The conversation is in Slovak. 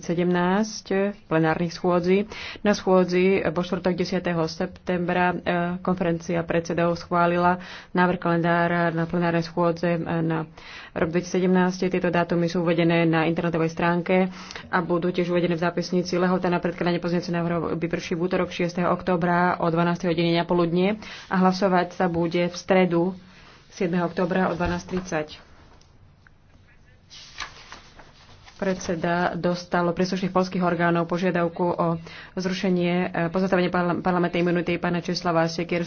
17 v plenárnych schôdzi. Na schôdzi vo štvrtok 10. septembra eh, konferencia predsedov schválila návrh kalendára na plenárne schôdze eh, na rok 2017. Tieto dátumy sú uvedené na internetovej stránke a budú tiež uvedené v zápisnici. Lehota na predkladanie pozniecov návrhu vyprší v útorok 6. októbra o 12. hodine na poludne a hlasovať sa bude v stredu 7. októbra o 12.30. predseda dostal príslušných polských orgánov požiadavku o zrušenie eh, pozastavenie parlamentnej imunity pána Česlava Sekierského.